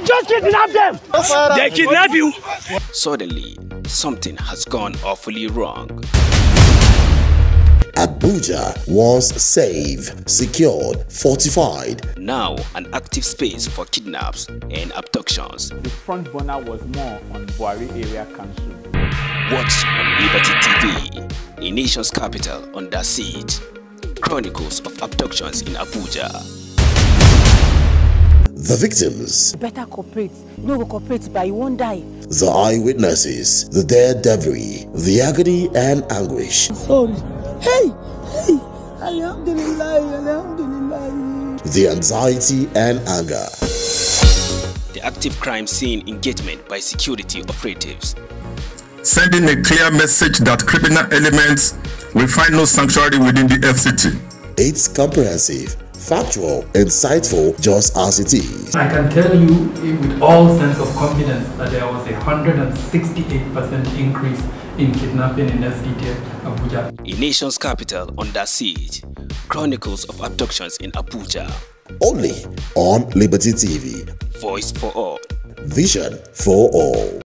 They just kidnapped them. They kidnapped you. Suddenly, something has gone awfully wrong. Abuja was safe, secured, fortified. Now an active space for kidnaps and abductions. The front burner was more on Buhari Area Council. Watch on Liberty TV, a nation's capital under siege. Chronicles of Abductions in Abuja the victims. Better cooperate. No, we cooperate, but you won't die. The eyewitnesses, the daredevilry, the agony and anguish. Sorry. Hey! Hey! Alhamdulillah, alhamdulillah. The anxiety and anger. The active crime scene engagement by security operatives. Sending a clear message that criminal elements will find no sanctuary within the FCT. It's comprehensive factual, insightful, just as it is. I can tell you eh, with all sense of confidence that there was a 168% increase in kidnapping in SDT Abuja. A nation's capital under siege, chronicles of abductions in Abuja. Only on Liberty TV. Voice for all. Vision for all.